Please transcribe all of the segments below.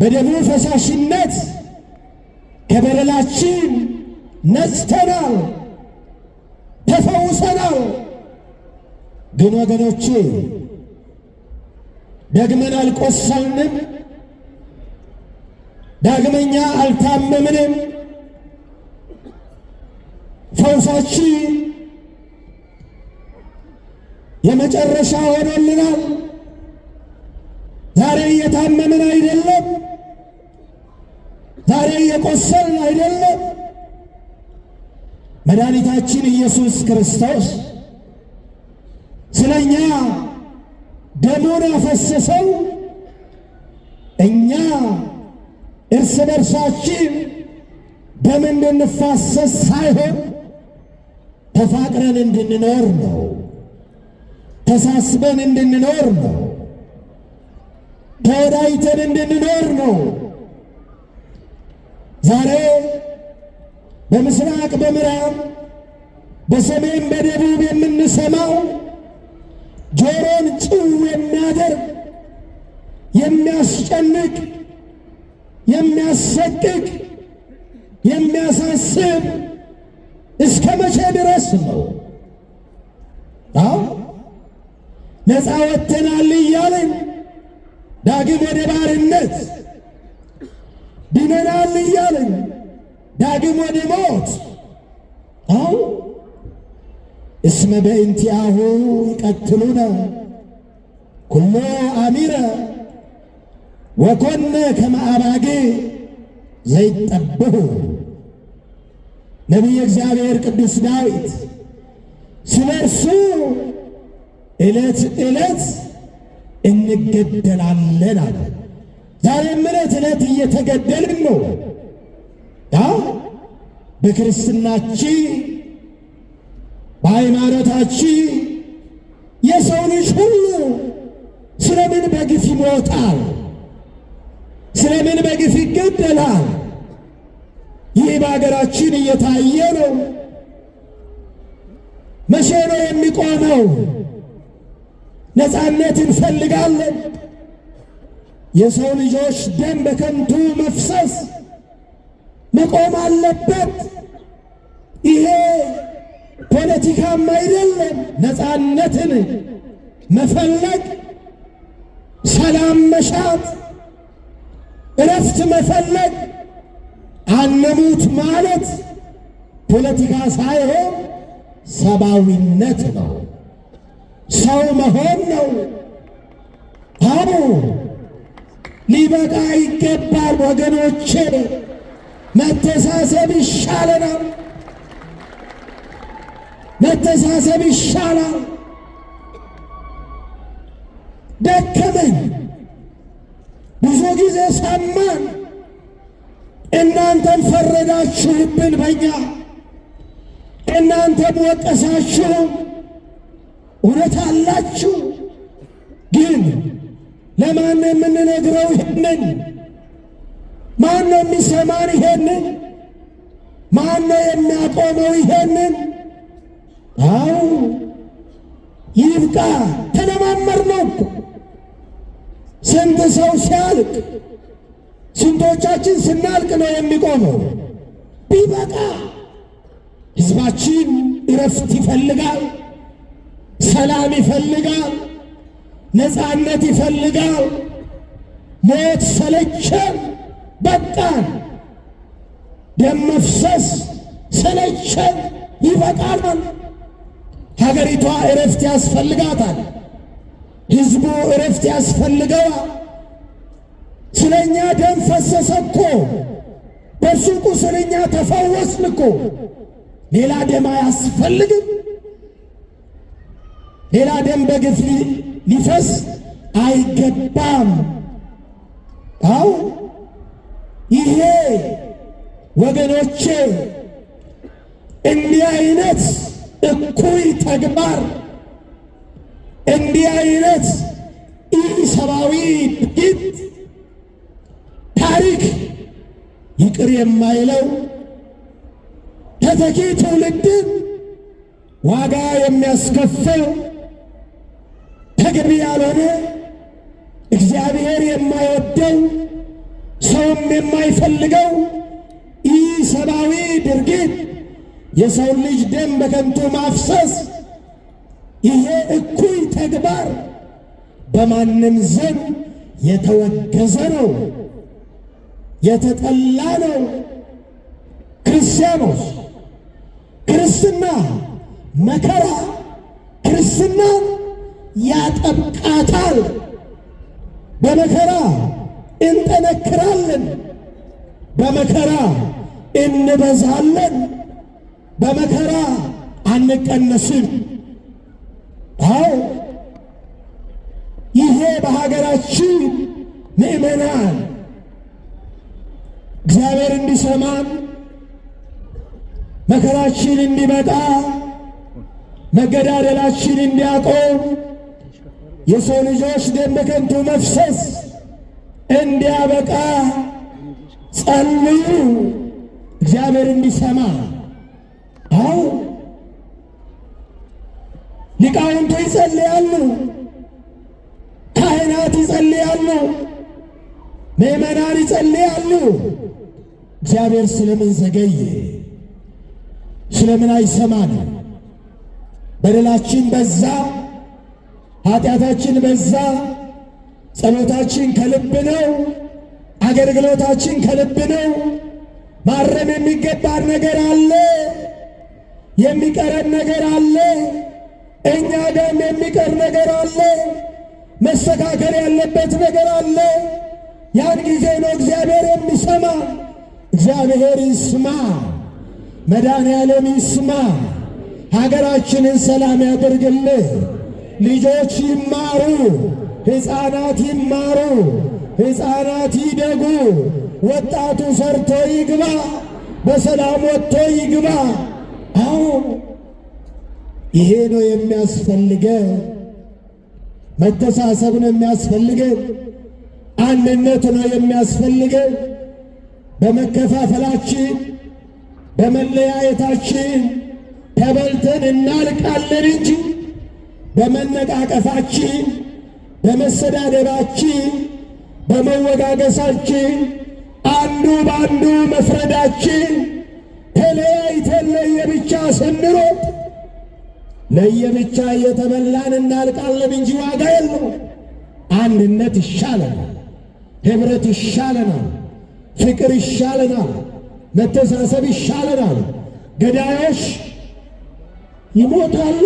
በደሙ ፈሳሽነት ከበደላችን ነጽተናል፣ ተፈውሰናል። ግን ወገኖቼ ደግመን አልቆሰልንም፣ ዳግመኛ አልታመምንም። ፈውሳችን የመጨረሻ ሆኖልናል። ዛሬ እየታመምን አይደለም። ዛሬ እየቆሰልን አይደለም። መድኃኒታችን ኢየሱስ ክርስቶስ ስለኛ እኛ ደሙን ያፈሰሰው እኛ እርስ በርሳችን ደም እንድንፋሰስ ሳይሆን ተፋቅረን እንድንኖር ነው። ተሳስበን እንድንኖር ነው። ተወዳይተን እንድንኖር ነው። ዛሬ በምስራቅ በምዕራብ በሰሜን በደቡብ የምንሰማው ጆሮን ጭው የሚያደርግ የሚያስጨንቅ የሚያሰቅቅ የሚያሳስብ እስከ መቼ ድረስ ነው? አዎ ነፃ ወጥተናል እያለን ዳግም ወደ ባርነት ድነናል እያልን ዳግም ወደ ሞት አው እስመ በእንቲአሁ ይቀትሉነ ኩሎ አሚረ ወኮነ ከመአባጌ ዘይጠብሁ ነቢየ እግዚአብሔር ቅዱስ ዳዊት ስለ እርሱ ዕለት ዕለት እንገደላለን አለ። ዛሬም ዕለት ዕለት እየተገደልን ነው። ያው በክርስትናችን በሃይማኖታችን የሰው ልጅ ሁሉ ስለምን በግፍ ይሞታል? ስለምን በግፍ ይገደላል? ይህ በሀገራችን እየታየ ነው። መቼ ነው የሚቆመው? ነፃነት እንፈልጋለን። የሰው ልጆች ደም በከንቱ መፍሰስ መቆም አለበት። ይሄ ፖለቲካም አይደለም። ነፃነትን መፈለግ፣ ሰላም መሻት፣ እረፍት መፈለግ፣ አንሙት ማለት ፖለቲካ ሳይሆን ሰብአዊነት ነው፣ ሰው መሆን ነው። አቡ ሊበቃ ይገባል ወገኖቼ። መተሳሰብ ይሻለናል። መተሳሰብ ይሻላል። ደከመን፣ ብዙ ጊዜ ሰማን። እናንተም ፈረዳችሁብን በኛ እናንተም ወቀሳችሁ። እውነት አላችሁ ግን ለማን የምንነግረው ይሄንን? ማን ነው የሚሰማን ይሄንን? ማን ነው የሚያቆመው ይሄንን? አው ይብቃ። ተለማመር ነው። ስንት ሰው ሲያልቅ፣ ስንቶቻችን ስናልቅ ነው የሚቆመው? ቢበቃ። ህዝባችን እረፍት ይፈልጋል፣ ሰላም ይፈልጋል። ነፃነት ይፈልጋል። ሞት ሰለቸን፣ በቃን። ደም መፍሰስ ሰለቸን፣ ይበቃናል። ሀገሪቷ እረፍት ያስፈልጋታል። ሕዝቡ እረፍት ያስፈልገዋል። ስለኛ ደም ፈሰሰ እኮ በሱቁ ስለኛ ተፈወስን እኮ ሌላ ደም አያስፈልግም። ሌላ ደም በግፍ ሊፈስ አይገባም። አው ይሄ ወገኖቼ እንዲህ አይነት እኩይ ተግባር እንዲህ አይነት ኢሰብአዊ ድርጊት ታሪክ ይቅር የማይለው ተተኪ ትውልድን ዋጋ የሚያስከፍል ተገቢ ያልሆነ እግዚአብሔር የማይወደው ሰውም የማይፈልገው ይህ ሰብአዊ ድርጊት የሰው ልጅ ደም በከንቱ ማፍሰስ፣ ይሄ እኩይ ተግባር በማንም ዘንድ የተወገዘ ነው፣ የተጠላ ነው። ክርስቲያኖች ክርስትና መከራ ክርስትና ያጠብቃታል። በመከራ እንጠነክራለን፣ በመከራ እንበዛለን፣ በመከራ አንቀነስም። አዎ ይሄ በሀገራችን ምእመናን እግዚአብሔር እንዲሰማን መከራችን እንዲመጣ መገዳደላችን እንዲያቆም የሰው ልጆች ደም በከንቱ መፍሰስ እንዲያበቃ ጸልዩ፣ እግዚአብሔር እንዲሰማ። አው ሊቃውንቱ ይጸልያሉ፣ ካህናት ይጸልያሉ፣ ምእመናን ይጸልያሉ። እግዚአብሔር ስለምን ዘገየ? ስለምን አይሰማን? በደላችን በዛ ኃጢአታችን በዛ፣ ጸሎታችን ከልብ ነው፣ አገልግሎታችን ከልብ ነው። ማረም የሚገባን ነገር አለ፣ የሚቀረን ነገር አለ፣ እኛ ደም የሚቀር ነገር አለ፣ መስተካከል ያለበት ነገር አለ። ያን ጊዜ ነው እግዚአብሔር የሚሰማ። እግዚአብሔር ይስማ፣ መድኃኔ ዓለም ይስማ፣ ሀገራችንን ሰላም ያደርግልህ። ልጆች ይማሩ፣ ሕፃናት ይማሩ፣ ሕፃናት ይደጉ፣ ወጣቱ ሰርቶ ይግባ፣ በሰላም ወጥቶ ይግባ። አሁን ይሄ ነው የሚያስፈልገን። መተሳሰብ ነው የሚያስፈልገን። አንድነት ነው የሚያስፈልገን። በመከፋፈላችን በመለያየታችን ተበልተን እናልቃለን እንጂ በመነቃቀፋችን፣ በመሰዳደባችን፣ በመወጋገሳችን፣ አንዱ በአንዱ መፍረዳችን ተለያይተን ለየብቻ ስንሮጥ ለየብቻ እየተበላን እናልቃለን እንጂ ዋጋ የለው። አንድነት ይሻለናል። ኅብረት ይሻለናል። ፍቅር ይሻለናል። መተሳሰብ ይሻለናል። ገዳዮች ይሞታሉ።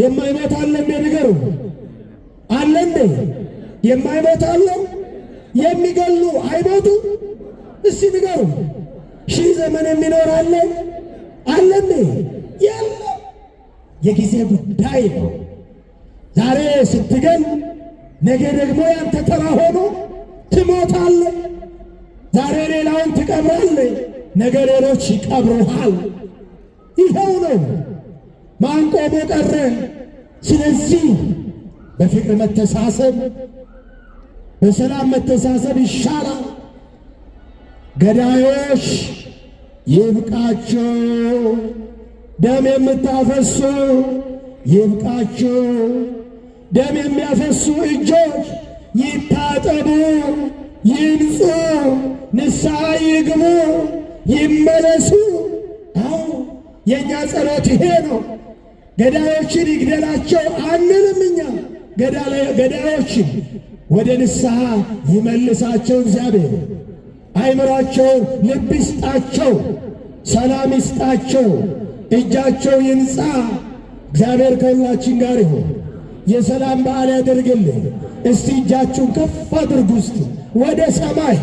የማይሞት አለ እንዴ? ንገሩ አለ እንዴ? የማይሞት አለ? የሚገሉ አይሞቱ? እስቲ ንገሩ። ሺህ ዘመን የሚኖር አለ አለ እንዴ? ያለ የጊዜ ጉዳይ ነው። ዛሬ ስትገል፣ ነገ ደግሞ ያንተ ተራ ሆኖ ትሞታለህ። ዛሬ ሌላውን ትቀብራለህ፣ ነገ ሌሎች ይቀብሩሃል። ይኸው ነው። ማን ቆሞ ቀረ? ስለዚህ በፍቅር መተሳሰብ፣ በሰላም መተሳሰብ ይሻላል። ገዳዮች ይብቃችሁ፣ ደም የምታፈሱ ይብቃችሁ፣ ደም የሚያፈሱ እጆች ይታጠቡ፣ ይንጹ፣ ንስሐ ይግቡ፣ ይመለሱ። አዎ የእኛ ጸሎት ይሄ ነው። ገዳዮችን ይግደላቸው አንልም። እኛ ገዳዮችን ወደ ንስሐ ይመልሳቸው እግዚአብሔር። አይምሯቸውን ልብ ይስጣቸው፣ ሰላም ይስጣቸው፣ እጃቸው ይንጻ። እግዚአብሔር ከሁላችን ጋር ይሁን። የሰላም በዓል ያደርግልን። እስቲ እጃችሁን ከፍ አድርጉ እስቲ ወደ ሰማይ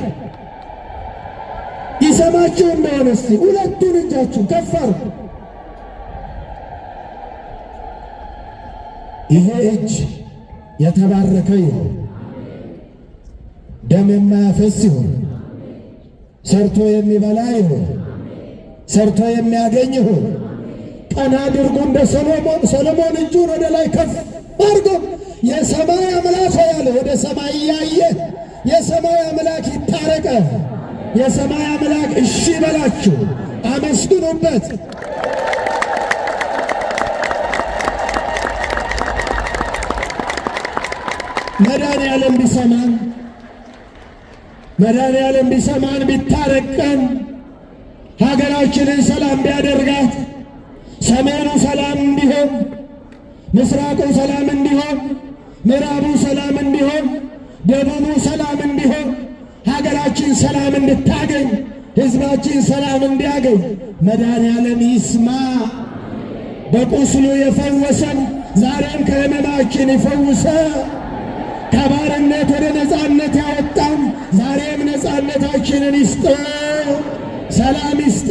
ይሰማችሁ እንደሆነ እስቲ ሁለቱን እጃችሁን ከፍ አድርጉ። ይሄ እጅ የተባረከ ይሁን፣ ደም የማያፈስ ይሁን፣ ሰርቶ የሚበላ ይሁን፣ ሰርቶ የሚያገኝ ይሁን። ቀና አድርጎ እንደ ሰሎሞን ሰሎሞን እጁን ወደ ላይ ከፍ አድርጎ የሰማይ አምላክ ያለ ወደ ሰማይ እያየ የሰማይ አምላክ ይታረቀ፣ የሰማይ አምላክ እሺ በላችሁ፣ አመስግኑበት። መድኃኔዓለም ቢሰማን መድኃኔዓለም ቢሰማን ቢታረቀን ሀገራችንን ሰላም ቢያደርጋት ሰሜኑ ሰላም እንዲሆን፣ ምስራቁ ሰላም እንዲሆን፣ ምዕራቡ ሰላም እንዲሆን፣ ደቡቡ ሰላም እንዲሆን፣ ሀገራችን ሰላም እንድታገኝ፣ ሕዝባችን ሰላም እንዲያገኝ መድኃኔዓለም ይስማ። በቁስሉ የፈወሰን ዛሬም ከሕመማችን ይፈውሰ ከባርነት ወደ ነፃነት ያወጣን ዛሬም ነፃነታችንን ይስጠ፣ ሰላም ይስጠ።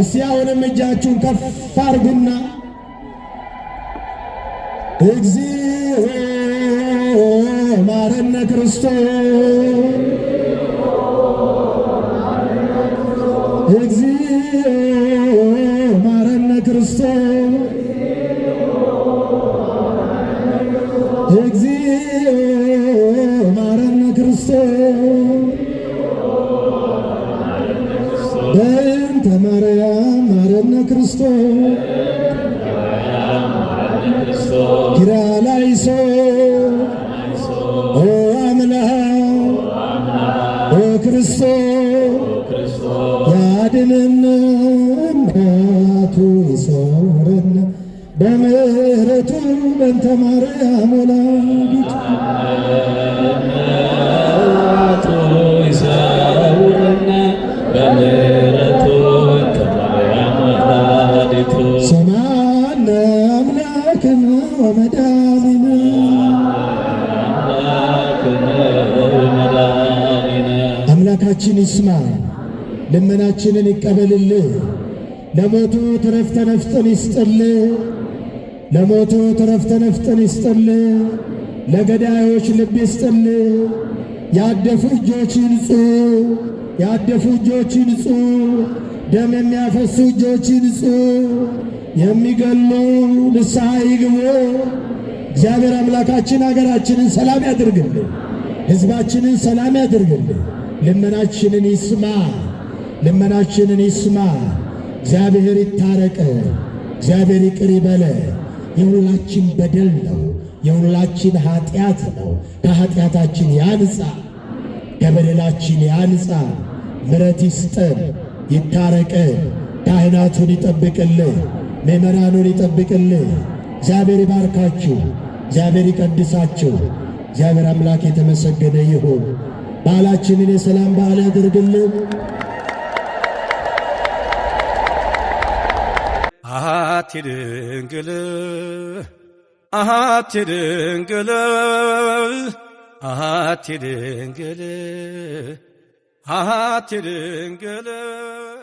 እስቲ አሁንም እጃችሁን ከፍ አርጉና እግዚኦ ማረነ ክርስቶስ እግዚኦ ማረነ ክርስቶስ ክርስቶስ ኪራላይሶ ኦ ክርስቶስ ይሰውረን በእንተ ማርያም አምላካችን ይስማ፣ ልመናችንን ይቀበልልህ። ለሞቱ ትረፍተ ነፍጥን ይስጥልህ። ለሞቱ ትረፍተ ነፍጥን ይስጥልህ። ለገዳዮች ልብ ይስጥልህ። ያደፉ እጆች ይንጹ፣ ያደፉ እጆች ይንጹ፣ ደም የሚያፈሱ እጆች ይንጹ። የሚገሉ ንስሐ ይግቡ። እግዚአብሔር አምላካችን አገራችንን ሰላም ያድርግልን፣ ህዝባችንን ሰላም ያድርግልን። ልመናችንን ይስማ፣ ልመናችንን ይስማ። እግዚአብሔር ይታረቀ፣ እግዚአብሔር ይቅር ይበለ። የሁላችን በደል ነው፣ የሁላችን ኃጢአት ነው። ከኃጢአታችን ያንጻ፣ ከበደላችን ያንጻ። ምረት ይስጠን፣ ይታረቀ፣ ካህናቱን ይጠብቅልን። ምዕመናኑን ይጠብቅልህ። እግዚአብሔር ይባርካችሁ፣ እግዚአብሔር ይቀድሳችሁ። እግዚአብሔር አምላክ የተመሰገነ ይሁን። በዓላችንን የሰላም በዓል ያደርግልን። አሃቲ ድንግል አሃቲ ድንግል አሃቲ ድንግል አሃቲ ድንግል